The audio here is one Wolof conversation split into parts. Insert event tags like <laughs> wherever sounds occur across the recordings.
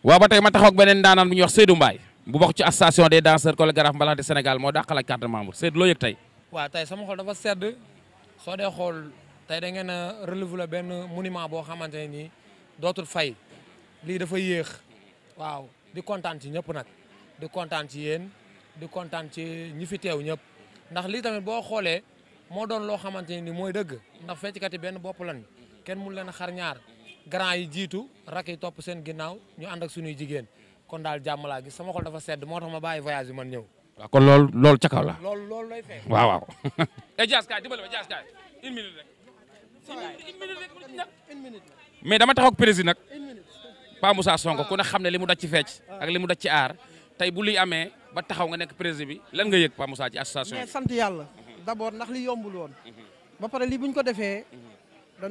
wa ba tay ma taxok benen danan bu ñu wax Seydou mbay bu bok ci association des danseurs chorégraphes mbala de Sénégal mo dakal ak carte membre seyd lo yek tay wa tay sama xol dafa sedd so de xol tay da ngeen a relevé la benn monument bo xamanteni ni dotul fay li dafa yeex waaw di contante ci ñep nak di contante ci yeen di contante ci ñi fi tew ñep ndax li tamit bo xolé mo doon lo xamanteni ni moy deug ndax fecc kat ben bop lan ken mu leen xar ñaar grand yi jiitu rak yi topp seen ginnaaw ñu ànd ak suñuy jigéen kon daal jàmm laa gis sama xol dafa sedd moo tax ma bàyyi voyage bi man ñëw. waaw kon loolu loolu ca kaw la. loolu loolu lay fay. waaw waaw. <laughs> eh Dias kaay dimbale ma Dias kaay une mais dama taxaw ak nag. Pa Moussa Sonko ku ne xam ne li mu daj ci fecc ah. ak li mu daj ci aar tey bu luy amee ba taxaw nga nekk président bi lan nga yëg Pa Moussa ci association mais sant yàlla. Mhm. d'abord ndax li yombul woon. Mhm. ba pare li buñ ko defee mhm.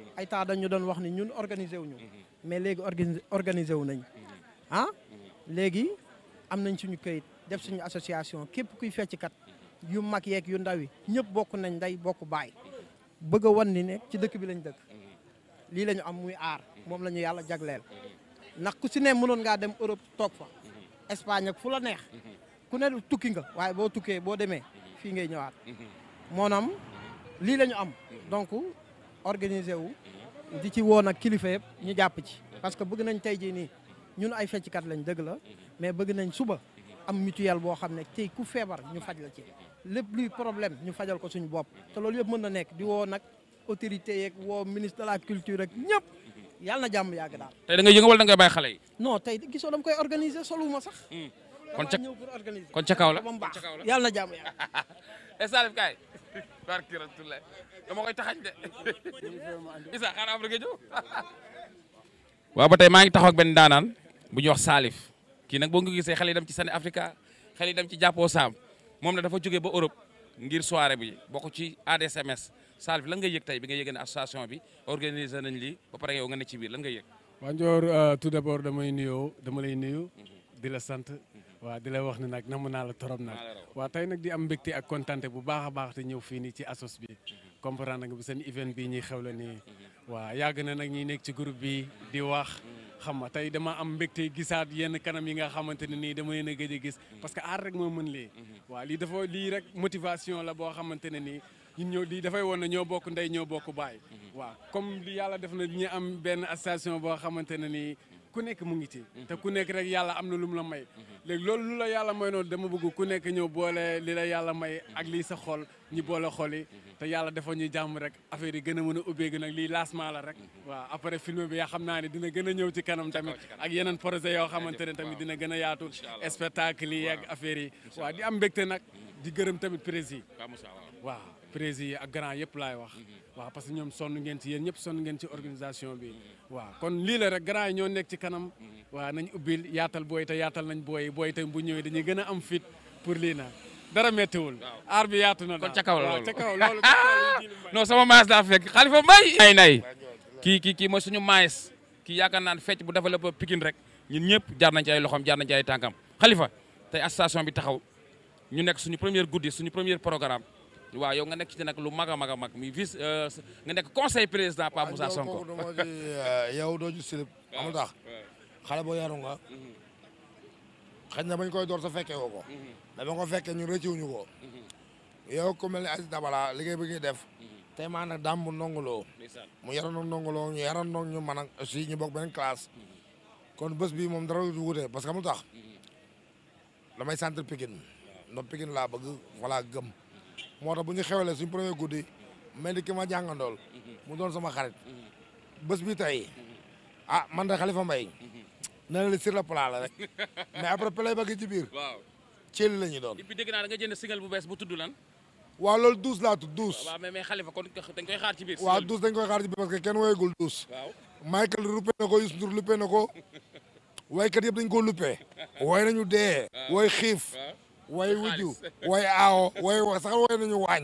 ay temps dañu doon wax ni ñun organiser wu ñu. Mhm. mais léegi organiser wu nañ mhm. ah mhm. léegi am nañ suñu kayit def suñu association képp kuy fecckat yu mag yeeg yu ndaw yi ñëpp bokk nañ day bokk baay bëgg a wan ni ne ci dëkk bi lañ dëkk lii la ñu am muy aar moom la ñu yàlla jagleel ndax ku si ne mënoon ngaa dem Europe toog fa Espagne ak fu la neex ku ne tukki nga waaye boo tukkee boo demee fii ngay ñëwaat moonaam lii lañu am donc organiser wu di ci woo nag kilifa yëpp ñu jàpp ci parce que bëgg nañ tey jii nii ñun ay fecckat lañ dëgg la mais bëgg nañ suba am mutuelle boo xam ne tey ku feebar ñu faj la ci lépp luy problème ñu fajal ko suñu bopp te loolu yëpp mën na nekk di woo nag autorité yeeg woo ministre de la culture rek ñëpp yàlla na jàmm yàgg daal. tey da nga yëngu wal da nga bàyyi xale yi. non tey di gisoo dama koy organiser soluma sax. Hmm. kon ca kon ca kaw la ca kaw la yàlla na yàlla. Salif <laughs> Kaye. barki Rasulullah dama koy taxañ de. Isa xanaa Afrique ba tey maa ngi taxaw ak benn daanaan bu ñuy wax Salif kii nag boo nga gisee xel yi dem ci seen Africa xel yi dem ci jàppoo Saam moom ne dafa jógee ba Europe ngir soirée bi bokk ci ADSMS Salif lan nga yëg tey bi nga yëg ne association bi organisé nañ li ba pare yow nga ne ci biir lan nga yëg. waa Ndior euh, tout d'abord damay nuyoo dama lay nuyu. di la sant. Mhm. waaw di la wax ne nag namu naa la torop nag waaw tey nag di am mbégte ak kontante bu baax baax te ñëw fii nii ci asos bi mhm. comprendre nga bu seen event bii ñuy xewle nii mhm. waa yàgg na nag ñuy nekk ci groupe bi di wax mhm. xam nga tey dama am mbégte gisaat yenn kanam yi nga xamante ne nii dama leen a gëj gis parce que aar rek moo mën lii waa lii dafa lii rek motivation la boo xamante ne nii ñu ñëw lii dafay woon ne ñoo bokk ndey ñoo bokk baay waaw comme yàlla def na ñu am benn association boo xamante ne nii ku nekk mu ngi ci mhm. te ku nekk rek yàlla am na lu mu la may mhm. léegi loolu lu la yàlla may noonu dama bëgg ku nekk ñëw boole li la yàlla may mhm. ak lii sa xol ñi boole xol yi te yàlla dafa ñu jàmm rek affaire yi gën a mën a ubbeegu nag lii lancement la rek waaw après film bi yaa xam naa ne dina gën a ñëw ci kanam tamit ak yeneen projet yoo xamante ne tamit dina gën a yaatu spectacle yi ak affaire yi waaw di am mbégte nag di gërëm tamit prési waa prési yi ak yëpp laay wax waaw parce que ñoom sonn ngeen ci yéen ñëpp sonn ngeen ci organisation bi waa kon lii la rek grand yi ñoo nekk ci kanam waaw nañ ubbil yaatal booy te yaatal nañ booy booy te bu ñëwee dañuy gën am fit pour lii na dara méttiwul aar bi yaatu na ko ca kaw loolu ca kaw loolu <laughs> sama maes laa fekk xalifa mbay nay nay kii kii kii mooy suñu maes kii yaakaar naan fecc bu développé Pikine rek ñun ñëpp jaar nañ ci loxoom jaar nañ ci ay tànkam xalifa tey association bi taxaw ñu nekk suñu première guddi suñu premier programme wa yow nga nek ci nak lu maga maga mag mi vice eh, nga nek conseil président pa Moussa Sonko yow do ya, ya ju silib amul tax xala bo yaru nga xëy na bañ koy dor sa fekke woko da ba ko fekke ñu ñu ko yow ko melni Aziz Dabala ligay bi def tay ma nak dam bu mu yaroon nongoloo ñu yaroon ñu man ak ñu bok classe kon bëss bi mom dara du wuté parce que amul tax damay mhm. centre Pikine iya. ndax Pikine la bëgg wala gëm moo tax bu ñu xewalee suñ premier guddi mel ni ki ma jàngandool mu doon sama xarit bés bi tey ah man de Khalifa Mbaye na la sur le plat la rek mais après play ba gi ci biir waaw ceeli la ñuy doon et puis dégg naa da nga jënd single bu bees bu tudd lan waaw loolu douze mais mais Khalifa kon dañ koy xaar ci ci biir parce que kenn woyegul douze waaw Michael luppee na ko Youssou Ndour luppee na ko <laughs> waykat yëpp dañ koo luppee wooy nañu dee ah. wooy xiif ah. way <laughs> wujju way aawo way wa sax way nañu waañ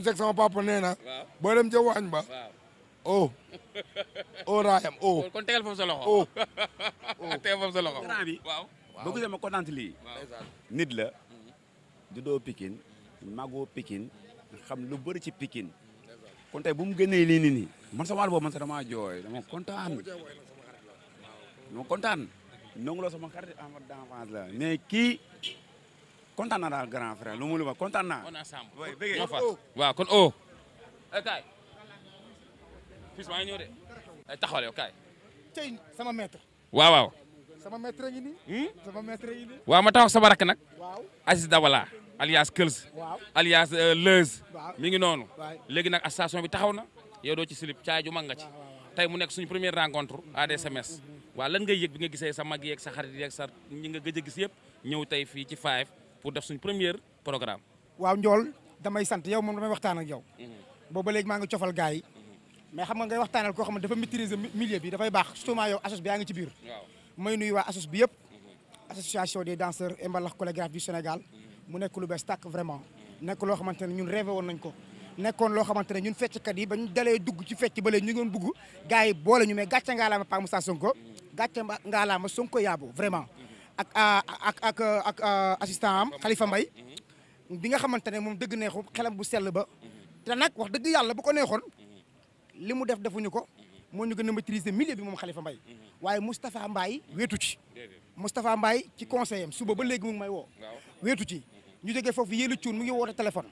ndax papa nee na boo dem ca waañ ba o o oh, <laughs> oh, raayam o oh. kon tegal <laughs> ah, nit la mm-hmm. du doo Pikine magoo Pikine xam lu bëri ci Pikine kon bu mu gën lii nii nii man sa wàll boobu man sa dama jooy dama kontaan dama kontaan nongu loo sama xarit amat d'enfance la mais kii kontaan na grand frère lu mu lu on ensemble naa. Oh. waaw kon oo. Oh. Eh, kaay. fii maa ngi ñëw de. Eh, taxawal yow tey sama maître. wa wa sama maître ngi hmm sama maître ngi nii. ma taxaw sama rakk nag. Aziz dawala alias keuls waaw alias euh, leuse mi ngi nonu legui nak station bi taxaw na. yow do ci slip caaju mag nga ci. tey mu nek suñu première rencontre sms mm-hmm. wa lan ngay yegg bi nga gisee sa mag ak sa xarit ak sa ñi nga gëj gis yépp ñew tay fi ci Five pour def suñ première programme. waaw Ndiol damay sant yow moom damay waxtaan ak yow. Mhm. boobu ba léegi maa ngi cofal gars yi. Mhm. mais xam nga ngay waxtaanal koo xam ne dafa maîtriser milieu bi dafay baax surtout yow assos bi yaa ngi ci biir. may nuyu bi yëpp. Mhm. association des danseurs et mbalax chorégraphe du Sénégal. mu nekk lu bees tàkk vraiment. nekk loo xamante ne ñun rêvé woon nañ ko. nekkoon loo xamante ne ñun fecckat yi bañ dalee dugg ci fecc ba léegi ñu ngi doon bugg gars yi boole ñu mais gàcce ngaalaama Paa Moussa Sonko gàcce ngaalaama ak ak ak ak assistant am Khalifa mbay mm-hmm. bi nga xamante ne moom dëgg neexu xelam bu sell ba mm-hmm. te nag wax dëgg yàlla bu ko neexoon mm-hmm. li mu def defuñu ko moo ñu gën a maîtriser milieu bi moom xalifa mbay waaye Moustapha Mbaye weetu ci Moustapha Mbaye ci conseil suba ba léegi mu may woo weetu ci ñu jógee foofu yéelu cuun mu ngi woote téléphone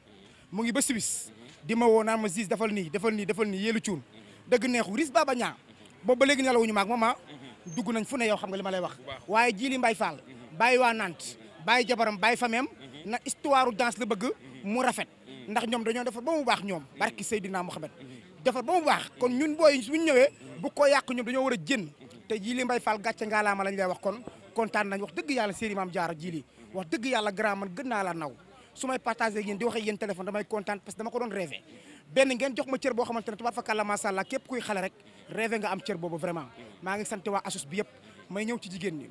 mu ngi ba Suisse di ma woo ma Ziz defal nii defal nii defal nii yéelu cuun dëgg neexu ris ba ñaa boobu ba léegi nelawuñu dugg nañ fu ne yow xam nga li ma lay wax waaye Djily Mbaye Fall bàyyi waa Nantes bàyyi jabaram bàyyi fameem mhm. na histoire danse la bëgg mhm. mu rafet mhm. ndax ñoom dañoo defar ba mu baax ñoom barki Seydina Mohamed defar ba mu baax kon ñun booy suñ ñëwee bu ko yàq ñoom dañoo war a jën te Djily Mbaye Fall gàcce ngaalaama lañ lay wax kon kontaan nañ wax dëgg yàlla Serigne Mame Diarra Djily wax dëgg yàlla grand man gën naa la naw su may partagé yéen di wax yéen téléphone damay kontaan parce xamante ne tubaab fa kàlla képp kuy xale rek rêvé nga am cër bobu vraiment Ma ngi sant wa asus bi yëpp may ñëw ci jigéen ñi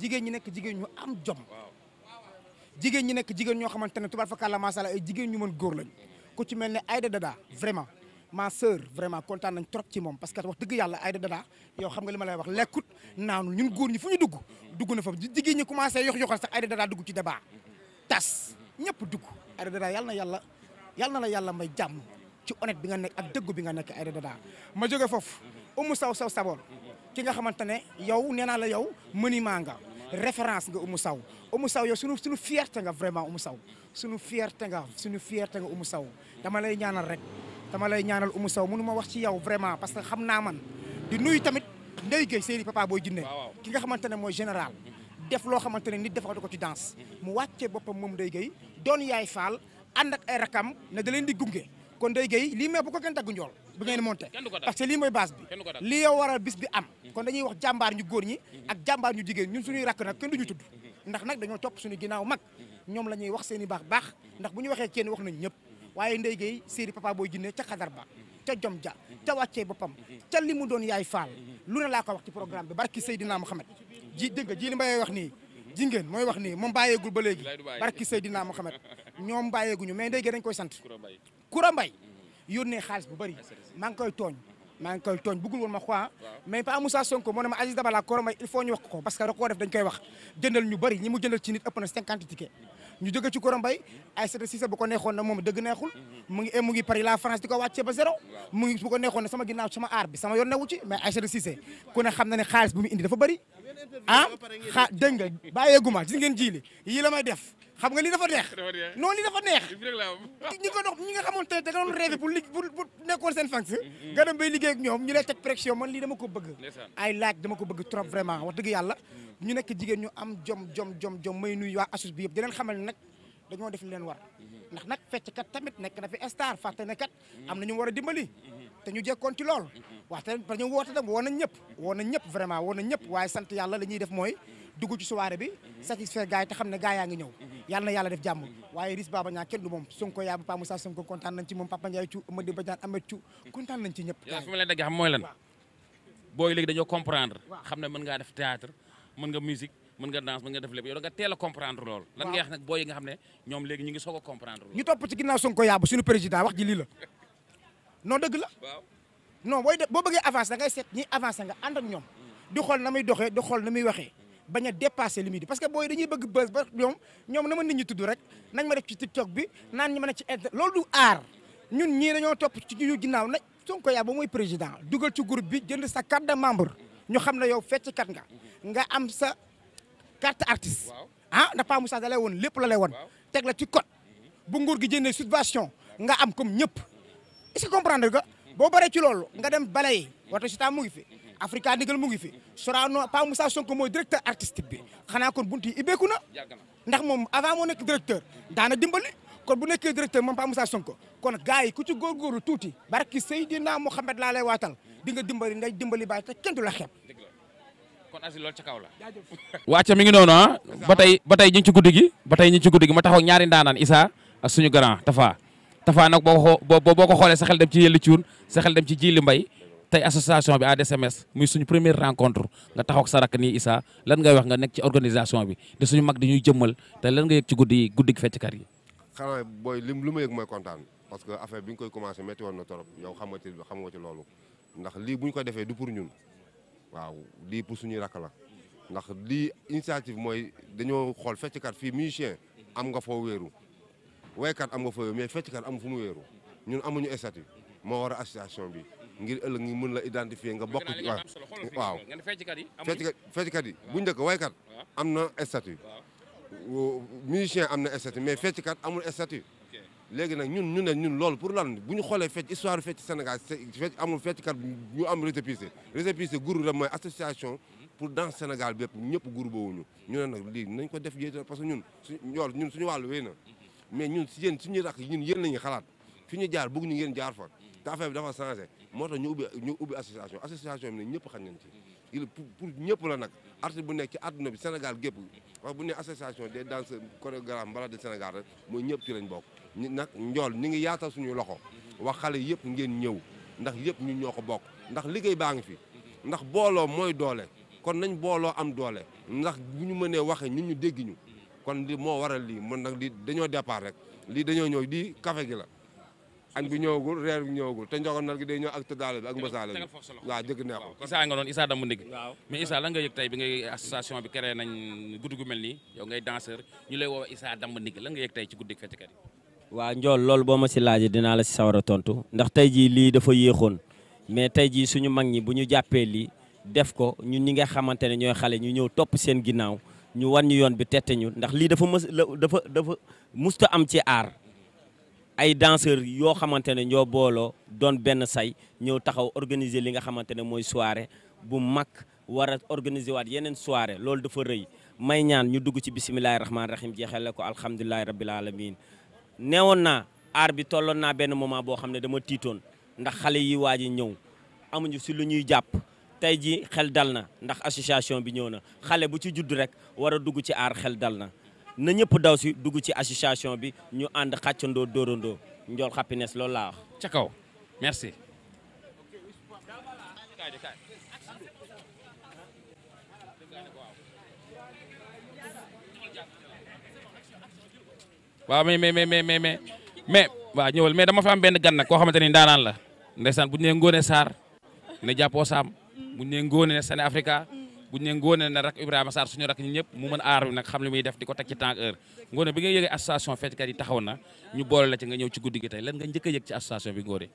jigéen ñi nek jigéen ñu am jom jigéen ñi nekk jigéen ñoo xamante ne tubaab fakàlla masala ay jigéen ñu mën góor lañ ku ci melni Aïda Dada vraiment ma sœur vraiment kontaan nañ trop ci mom parce que wax dëgg yalla Aïda Dada yow xam nga li ma lay wax lekut nanu ñun góor ñi fu ñu dugg dugg na fa jigéen ñi commencé yox yoxal sax Aïda Dada dugg ci débat tas ñëpp dugg Aïda Dada yalla na yalla yalla na la yalla may jamm ci honnête bi nga nekk ak dëggu bi nga nekk Aïda Dada ma jóge foofu Oumou saw saw Sabol ki nga xamante ne yow nee naa la yow monument nga référence nga Oumou saw Oumou Sow yow sunu sunu te nga vraiment Oumou saw sunu fierté te sunu fierté nga Oumou Sow dama lay ñaanal rek dama lay ñaanal Oumou Sow munu ma wax ci yow vraiment parce que xam naa man di nuyu tamit Ndeye Gueye Seydi Papa Boy Djiné ki nga xamante ne mooy général def loo xamante ne nit defal ko ci danse mu wàccee boppam moom Ndeye Gueye doon yaay faal ànd ak ay rakam ne da leen di gunge kon dey géey lii mais bu ko kenn dagg njool bu ngeen monté parce que lii mooy base bi lii yow waral bis bi am kon dañuy wax jàmbaar ñu góor ñi ak jàmbaar ñu jigéen ñun suñuy rakk nag kenn duñu tudd ndax nag dañoo topp suñu ginnaaw mag ñoom la ñuy wax seeni baax baax ndax bu ñu waxee kenn wax nañ ñëpp waaye ndey géey séeri papa booy jinne ca xadar ba ca jom ja ca wàccee boppam ca li mu doon yaay faal lu ne laa ko wax ci programme bi barki Seydina Mohamed ji dégg nga ji li may wax nii jingéen mooy wax nii moom bàyyeegul ba léegi barki Seydina Mohamed ñoom bàyyeeguñu mais ndey géey dañ koy sant Koura Mbaye yónnee xaalis bu bari maa ngi tooñ maa ngi koy tooñ bëggul woon ma xoi mais Pa Moussa Sonko moo ne ma Aziz Dabala Koura Mbaye il faut ñu wax ko parce que da koo def dañ koy wax jëndal ñu bëri ñi mu jëndal ci nit na cinquante ticket ñu jóge ci Koro Mbaye Aïssata Cissé bu ko neexoon na moom dëgg neexul mu ngi eh, mu ngi Paris la France di ko wàccee ba zéro mu ngi bu ko neexoon sama ginnaaw sama aar bi sama yoon newu ci mais ne xam na ne xaalis bu mu indi dafa bëri ah xa dégg nga bàyyeeguma gis ngeen jiili yii la may def xam nga li dafa neex non li dafa neex <laughs> ñi nga xamoon te da nga doon rêvé pour lig pour nekkoon seen fans mm-hmm. nga dem bay liggéey ak ñoom ñu lay teg pression man lii dama ko bëgg ay laaj dama ko bëgg trop vraiment wax dëgg yàlla ñu nekk jigéen ñu am jom jom jom jom may nuyu waa asus bi yëpp di leen na nag dañoo def leen war ndax nag kat tamit nekk na fi star fàtte ne kat am na ñu war a dimbali te ñu jekkoon ci lool waaw te dañu woote tam woo nañ ñëpp woo nañ ñëpp vraiment woo nañ ñëpp waaye sant yàlla la ñuy def mooy dugg ci soirée bi satisfaire gars te xam ne gars yaa ngi ñëw yàlla na def jàmm waaye Riss Baba Niang kenn du moom Sonko yaa ba Pa Moussa Sonko nañ ci moom Papa Ndiaye Thiou Amady Badiane Ahmed ñëpp fi ma leen dëgg xam mooy lan booy léegi dañoo comprendre xam ne mën ngaa def théâtre mën nga musique mën nga danse mën nga def lépp yow nga teel a comprendre lool lan nga wax nag booy yi nga xam ne ñoom léegi ñu ngi soog a comprendre lool ñu topp ci ginnaaw Sonko yaabu suñu dëgg la non booy boo bëggee avancé da seet ñiy avancé nga ànd ak ñoom di xool na muy doxee di xool na muy waxee bañ a dépassé li muy di parce que booy dañuy bëgg bës ba ñoom ñoom na ma nit ñi tudd rek nañ ma def ci tiktok bi naan ñi ma ne ci loolu du aar ñun ñii dañoo topp ci ñu ginnaaw nag Sonko yaabu mooy président dugal ci groupe bi jënd sa carte de membre ñu xam ne yow kat nga nga am sa carte artiste ah ndax Pa Moussa da lay woon lépp la lay woon teg la ci code bu nguur gi jëndee subvention nga am comme ñëpp est-ce que comprendre nga boo baree ci loolu nga dem balay wato si ta mu ngi fi Africa Ndigal mu ngi fi Sorano Pa Moussa Sonko mooy directeur artistique bi xanaa kon buntu i ibbeeku na ndax moom avant moo nekk directeur daana dimbali kon bu nekkee directeur moom Pape Moussa Sonko kon gars yi ku ci góorgóorlu tuuti barki na Mouhamed laa lay waatal di nga dimbali ngay dimbali baay te kenn du la xeeb. kon asi loolu ca kaw la. <laughs> wàcce mi ngi noonu ah. ba tey ba tey ñu ci guddi gi ba tey ñu ci guddi ma taxaw ñaari ndaanaan Issa ak suñu grand Tafa. Tafa nag boo ko boo ko xoolee sa dem ci Yelli Cuun sa xel dem ci Jili Mbay tey association bi ADSMS muy suñu première rencontre nga taxaw ak sa rakk nii Issa lan ngay wax nga nekk ci organisation bi di suñu mag di ñuy jëmmal te lan nga yëg ci guddi guddi gi yi. xanaa booy lim lu ma yëg mooy kontaan parce que affaire bi ñu koy commencé métti woon na torop yow xam nga ci loolu ndax lii bu ñu ko defee du pour ñun waaw lii pour suñuy rakk la ndax lii initiative mooy dañoo xool fecckat fii musicien am nga foo wéeru waykat am nga foo wéeru mais fecckat am fu mu wéeru ñun amuñu statut moo war a association bi ngir ëllëg ñu mën la identifier nga bokk ci waaw waaw fecckat yi fecckat yi bu njëkk waykat am na statut musicien am na statut mais fecckat amul statut léegi nag ñun ñu ne ñun loolu pour lan bu ñu xoolee fecc histoire fecc Sénégal fecc amul fecckat ñu am récépissé récépissé guru la association pour dans Sénégal bépp ñëpp guru boobu ñu ñu ne nag lii nañ ko def yéen parce que ñun suñu yool ñun suñu wàllu wéy na mais ñun si yen suñuy rakk ñun yéen lañu xalaat fi ñu jaar bëgg ñu ngeen jaar fa te affaire bi dafa changé moo tax ñu ubbi ñu ubbi association association bi ne ñëpp xam nañ ci il pour ñëpp la nag artiste bu nekk ci àdduna bi Sénégal gépp parce que bu ne association des danseurs chorégraphes mbalax de Sénégal rek mooy ñëpp ci lañ bokk ñu nag njool ñu ngi yaatal suñu loxo wax xale yëpp ngeen ñëw ndax yëpp ñun ñoo ko bokk ndax liggéey baa ngi fi ndax booloo mooy doole kon nañ booloo am doole ndax bu ñu mënee waxee ñun ñu dégg ñu kon li moo waral lii man nag li dañoo départ rek lii dañoo ñëw di café gi la añ bi ñëwagul reer bi ñëwagul te njogonal gi day ñëw ak tëddaale bi ak mbasaale bi waaw jëgg neexul Issa nga doon Issa Dambu Ndig mais Issa lan yëg tey bi ngay association bi créé nañ guddi gu mel nii yow ngay danseur ñu lay woo Issa Dambu Ndig lan yëg tey ci guddi feccikat yi waaw njool loolu boo ma si laajee dinaa la si sawar a tontu ndax tey jii lii dafa yéexoon mais tey jii suñu mag ñi bu ñu jàppee lii def ko ñun ñi nga xamante ne ñooy xale ñu ñëw topp seen ginnaaw ñu wan ñu yoon bi tette ndax lii dafa mës dafa dafa musta am ci aar ay danseurs yoo xamante ne ñoo booloo doon benn say ñëw taxaw organiser li nga xamante ne mooy soirée bu mag war a organiser waat yeneen soirée loolu dafa rëy may ñaan ñu dugg ci bisimilahi rahmaani rahim jeexale ko alhamdulilahi rabil alamin woon naa aar bi tolloon naa benn moment boo xam ne dama tiitoon ndax xale yi waaj a ñëw amuñu si lu ñuy jàpp tey ji xel dal na ndax association bi ñëw na xale bu ci judd rek war a dugg ci aar xel dal na na ñëpp daw si dugg ci association bi ñu ànd xàccandoo dóorandoo Ndiol Happiness loolu laa wax. ca kaw merci. waaw mais mais mais ñëwal mais dama fa am benn gan nag koo xamante ni ndaanaan la ndeysaan bu ñu nee Ngone ne jàppoo bu ñu nee Ngone Sane Africa buñ ne ngóone ne rak Ibrahima Sarr suñu rak ñi ñëpp mu mën aar bi nag xam li muy def di ko teg ci temps heure ngóone bi nga yëgee association fecckat yi taxaw na ñu boole la ci nga ñëw ci guddi gi tey lan nga njëkk a yëg ci association bi ngóone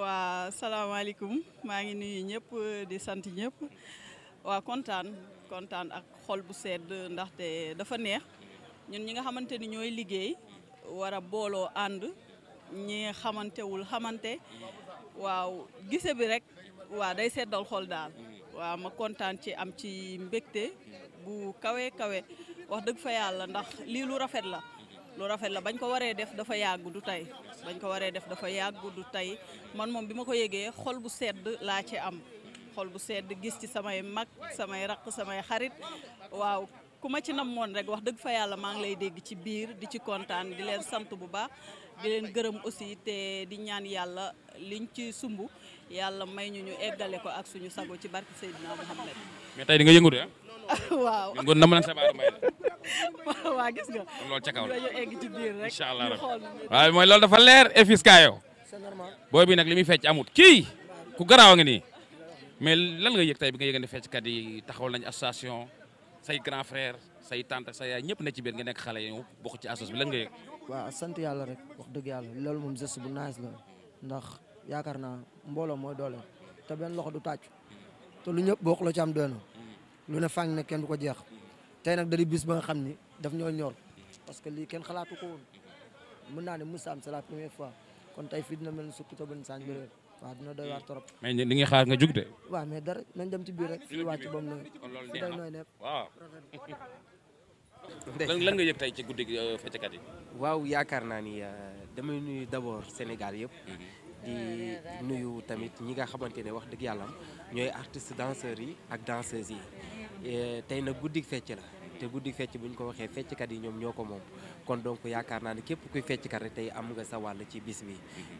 waa salaamaaleykum maa ngi nuyu ñëpp di sant ñëpp waa kontaan kontaan ak xol bu sedd ndaxte dafa neex ñun ñi nga xamante ni ñooy liggéey wara booloo ànd ñi xamantewul xamante waaw gise bi rek waa day waaw ma kontaan ci am ci mbégte bu kawe kawe wax dëgg fa yàlla ndax lii lu rafet la lu rafet la bañ ko waree def dafa yàgg du tey bañ ko waree def dafa yàgg du tey man moom bi ma ko yëgee xol bu sedd laa ci am xol bu sedd gis ci samay mag samay raq samay xarit waaw ku ma ci moon rek wax dëgg fa yàlla maa ngi lay dégg ci biir di ci kontaan di leen sant bu baax di len gërëm aussi té di ñaan yalla liñ ci sumbu yalla may ñu ñu eggale ko ak suñu sago ci barke sayyidina Muhammad mais tay di nga yëngu de ah? <laughs> waaw ngoon na mëna sa baaru may la <laughs> waa gis nga lool ci kaw la ñu egg ci biir rek inshallah allah waay moy lool dafa lèr e fiska leer c'est normal boy bi nak limi fecc amut ki ku graw nga ni mais lan nga yëk tay bi nga fecc kat yi taxawal nañ association say grand frère say tante say yaay ñëpp ne ci biir nga nek xalé yu bokku ci association bi lan nga yëk waaw sant yàlla rek wax dëgg yàlla loolu moom geste bu nice la ndax yaakaar naa mbooloo mooy doole te benn loxo du tàcc te ñëpp bokk la ci am doy na lu ne fàng ne kenn du ko jeex tey nag dari bis ba nga xam ni daf ñoo ñor parce que lii kenn xalaatu ko woon mën naa ne Moussa am c'est la première fois kon tey fii dina mel ni sukkuta bën saan bi réer waaw dina doy waar trop. li nga xaar nga jug de. waaw mais dara nañ rek. fii wàcc ba mu nooy. <laughs> <laughs> lan lan nga yëg tey ci guddi euh, feccakat yi. waaw yaakaar naa ni euh, damay nuyu d'abord Sénégal yëpp. Mhm. di nuyu tamit ñi nga xamante ne wax dëgg yàlla ñooy artistes danseurs yi ak danseuses yi tey nag guddi fecc la. te guddi fecc bu ñu ko waxee fecckat yi ñoom ñoo ko moom kon donc yaakaar naa ne képp kuy fecckat rek tey am nga sa wàll ci bis bi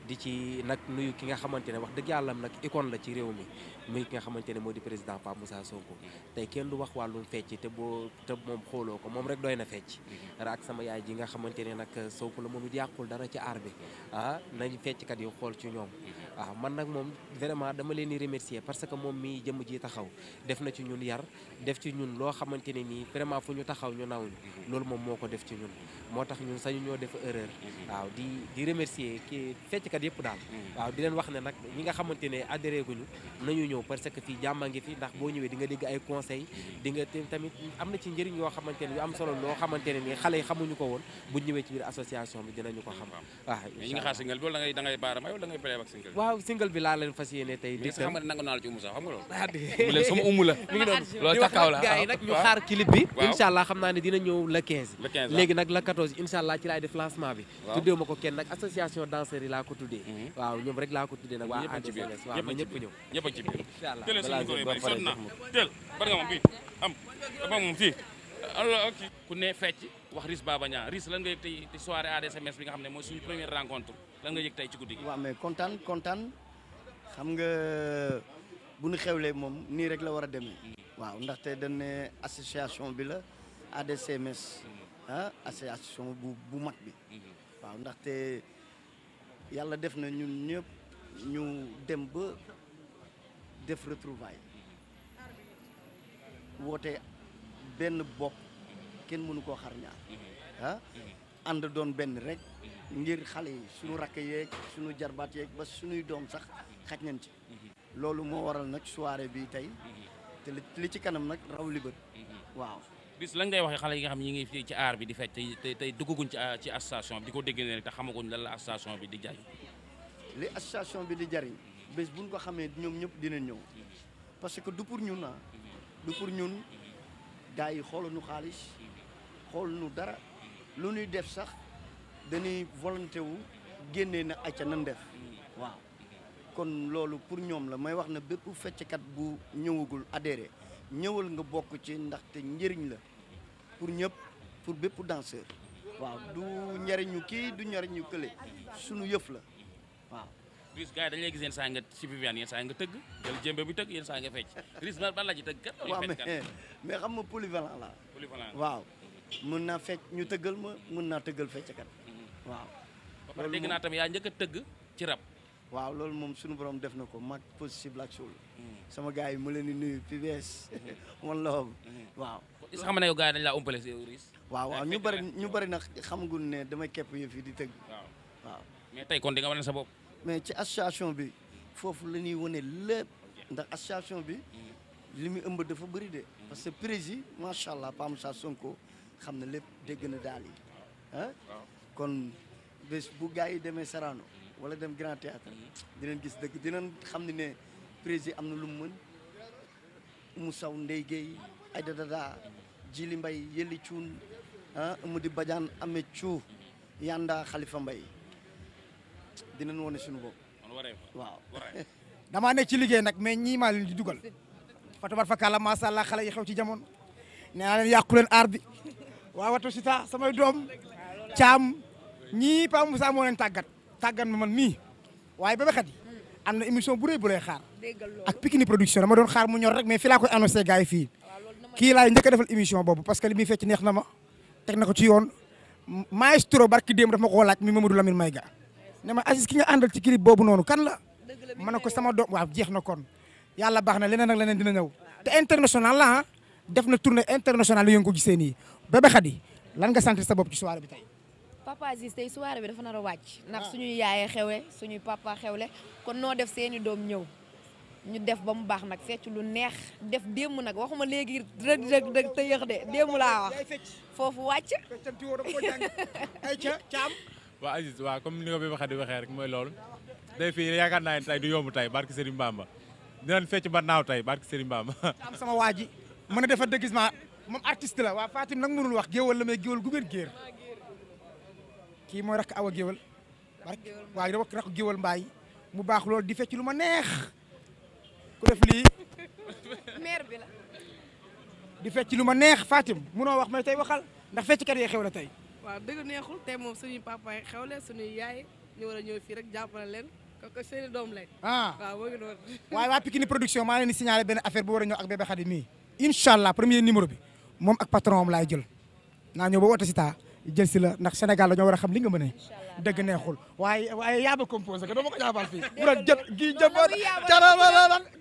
di ci nag nuyu ki nga xamante ne wax dëgg yàllam nag icône la ci réew mi muy ki nga xamante ne moo di président Pape Moussa Sonko tey kenn du wax wàllum fecc te boo te moom xooloo ko moom rek doy na fecc mm-hmm. ak sama yaay ji nga xamante ne nag Sonko la moom di yàqul dara ci aar bi ah nañ fecckat yi xool ci ñoom mm-hmm. waaw ah, man nag moom vraiment dama leen di remercier parce que moom mii jëm ji taxaw def na ci ñun yar def ci ñun loo xamante ne nii vraiment fu ñu taxaw ñu naw mhm. loolu moom moo ko def ci ñun moo tax ñun sañu ñoo def mhm. waaw di di remercier kii fecckat yëpp daal mhm. waaw di leen wax ne nag ñi nga xamante ne adhéré guñu nañu ñëw parce que fii jàmma ngi fi ndax boo ñëwee di nga dégg ay conseil di nga tamit am na ci njëriñ yoo xamante ne am solo loo xamante ne nii xale yi xamuñu ko woon bu ñëwee ci biir association bi dinañu ko xam waaw waaw single bi laa leen fas yéene tey. dégg xam nga naa la ci umu ah, umu la. <laughs> mi ngi la gars yi nag ñu xaar clip bi. waaw allah xam naa ne dina ñëw le 15. léegi nag le 14 incha allah ci laay def lancement bi. waaw tuddee ma ko kenn nag association danseurs laa ko tuddee. Mhm. waaw ñoom rek laa ko tuddee nag. waaw ñëpp a ñëpp ñëw. ñëpp a ci biir incha allah balaa ngeen doon faral di jox ma ko teel suñu micro yi bëri sonn naa teel ku ne fecc wax Riss Baba Niang Riss lan nga yëg tey soirée ADSMS bi nga xam ne mooy suñu première rencontre lan nga yëg tey ci guddi gi. waaw mais kontaan kontaan xam nga bu ñu xewlee moom nii rek la war a demee. waaw ndaxte dañ association bi la ADSMS. ah association bu bu mag bi. waaw ndaxte yàlla def na ñun ñëpp ñu dem ba def retrouvaille woote benn bopp. ken munu ko xar ñaar mhm. mhm. ah ànd doon ben rek mhm. ngir xalé suñu rakk yeeg suñu jarbaat yeeg ba suñu doom sax xaj nañ ci lolu mo waral nak soirée bi tay te li ci kanam nak raw li waaw bis lañ day waxe xalé yi nga xam ñi ngi ci ar bi di fecc tey tay duggaguñ ci ci association bi di dégg ne rek te xamaguñ la association bi di jariñ li association bi di jariñ bés buñ ko xamé ñom ñep dina ñew parce que du pour ñun ah. du pour ñun gaay yi xoolanu xaalis xool nu dara lu ñuy def sax danuy volonté wu génnee na acca nan def waaw kon loolu pour ñoom la may wax na bépp fecckat bu ñëwagul adhéré ñëwal nga bokk ci ndaxte njëriñ la pour ñëpp pour bépp danseur waaw du njariñu kii du njariñu kële sunu yëf la waaw Riis gars yi dañu lay gis yéen saa nga ci Viviane yéen saa nga tëgg jël bi tëgg yéen saa nga fecc Riis ban la ci tëgg kat <laughs> waaw mais mais xam nga polyvalent la waaw mën naa fecc ñu tëggal ma mën naa tëggal fecckat waaw. loolu naa tamit yaa njëkk a tëgg ci rab. waaw loolu moom suñu borom def na ko mag positif Black Soul. Hmm. sama gars yi ma leen di nuyu PBS. Hmm. <laughs> one love hmm. waaw. is xam ne yow gars yi dañu laa Ris. waaw ñu bëri ñu bëri nag xamaguñ ne damay képp yëf yi di tëgg. waaw waaw. mais tey kon di nga wane sa bopp. mais ci association bi foofu la ñuy wane lépp ndax association bi. li muy ëmb dafa bëri de. parce que yi macha allah Pam Sa Sonko. xam na lépp dégg na daal yi ah? kon bés bu gars yi demee Sorano mm. wala dem Grand Théâtre mm. dinañ gis dëgg dinañ xam ne ne président am na lu mu mën mu saw Ndeye Gueye Aïda Jili Mbay Yëli Cuun ah Amady Badiane Amé Thiou Yanda xalifa Mbay dinañ wane suñu bopp waaw <laughs> damaa nekk ci liggéey nag mais ñii maa leen di dugal fatabar fakala macha allah xale yi xew ci jamono nee naa leen yàqu leen aar waaw waa watu sita samay doom caam ñii Pa Moussa moo leen tàggat tàggat ma man mii waaye bébékat yi am na émission bu rëy bu lay xaar ak Pikini production dama doon xaar mu ñor rek mais fii laa koy annoncé gars fii kii laay njëkk a defal émission boobu parce que li muy fecc neex na ma teg na ko ci yoon maestro barki démb daf ma ko laaj mi Mamadou Lamine Mayga ne ma Aziz ki nga àndal ci clip boobu noonu kan la ma ne ko sama doom waaw jeex na kon yàlla baax na leneen ak leneen dina ñëw te international ah. def na tournée internationale yu nga ko gisee nii Bébé Khady lan nga sentir sa bopp ci soirée bi tey. papa Aziz tey soirée bi dafa nar a wàcc. ndax suñuy yaayee xewle suñuy papa le kon noo def seeni doom ñëw. ñu def ba mu baax nag fecc lu neex def démb nag waxuma léegi rëg rëg rëg te yëx de démb laa wax foofu wàcc. <laughs> waaw Aziz waaw comme ni ko Bébé Khady waxee rek mooy loolu day yaakaar naa ne tey du yomb tey barki Serigne Bamba dinañ fecc ba naaw tey barki Serigne Bamba. am sama waa mën a defar déguisement moom artiste la waa Fatim nag mënul wax géwal la mais géwal gu ngeen géer kii mooy rakk awa géwal bark waaw da rakk géwal mbaay mu baax loolu di fecc lu ma neex ku def lii maire bi la di fecc lu ma neex Fatim mënoo wax mais tey waxal ndax fecckat yee xew la tey waaw dëgg neexul tey moom suñuy papa yi xew la suñuy yaay ñu war a ñëw fii rek jàppale leen ah. waaye waa Pikini production maa leen di signalé benn affaire bu war a ñëw ak bébé Khady mii inshallah premier numéro bi mom ak patron mom lay jël na ñëw bo wota ci ta jël ci la ndax Sénégal dañoo war xam li nga mën a neexul waaye waaye yaa <laughs> ba composé dama ko jaabal fii wura la la jëmboon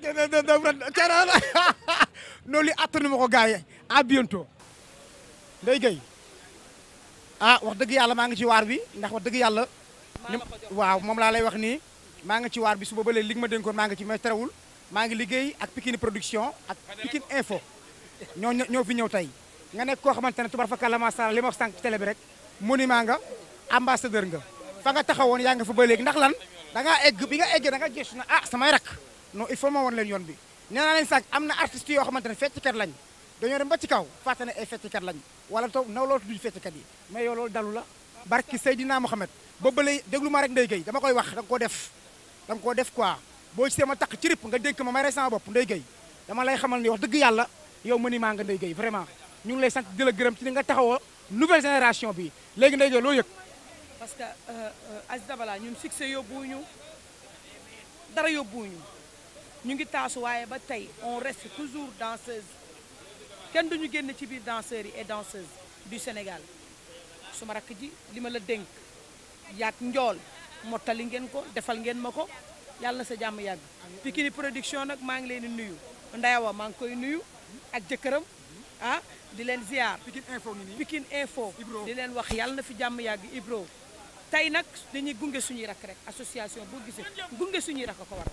caralala carala loolu attanu ma ko mako yi a bientôt Ndeye gay ah wax dëgg yalla ma nga ci war bi ndax wax dëgg yalla waaw mom la lay wax ni ma nga ci war bi suba ba léegi li nga ma nga ci mais terawul maa ngi liggéey ak Pikine production ak Pikine info ñoo ñoo fi ñëw tey nga nekk koo xamante ne tubar fa kàllaama sala li ma wax sànq ci télé bi rek monument nga ambassadeur nga fa nga taxawoon yaa nga fa ba léegi ndax lan da ngaa egg bi nga eggee da nga gëstu na ah samay rak no il faut ma woon leen yoon bi nee naa leen sànq am na artistes yoo xamante ne feccikat lañ dañoo dem ba ci kaw fàtte ne ay feccikat lañ wala taw naw loolu tudd feccikat yi mais yow loolu dalu la barki Seydina Mohamed ba bële déglu ma rek ndey dama koy wax da koo def da koo def quoi boo gisee ma takk ci rip nga dénk ma may rey sama bopp Ndeye Gueye dama lay xamal ni wax dëgg yàlla yow ma ni maa nga Ndeye Gueye vraiment ñu ngi lay sant di la gërëm ci li nga taxawoo nouvelle génération bi léegi Ndeye Gueye loo yëg parce que euh, euh, Aziz Dabala ñun succès yóbbuwuñu dara yóbbuwuñu ñu ngi taasu waaye ba tey on reste toujours danseuse kenn duñu génn ci biir danseurs yi et danseuses du Sénégal suma rakk ji li ma la dénk yaag njool mottali ngeen ko defal ngeen ma ko yàlla na sa jàmm yàgg Pikini production nag maa ngi leen di nuyu ndayawa maa ngi koy nuyu ak jëkkëram ah di leen ziar Pikine info ngi nii Pikine info di leen wax yàlla na fi jàmm yàgg Ibro tey nag dañuy gunge suñuy rak rek association boo gisee gunge suñuy rak a war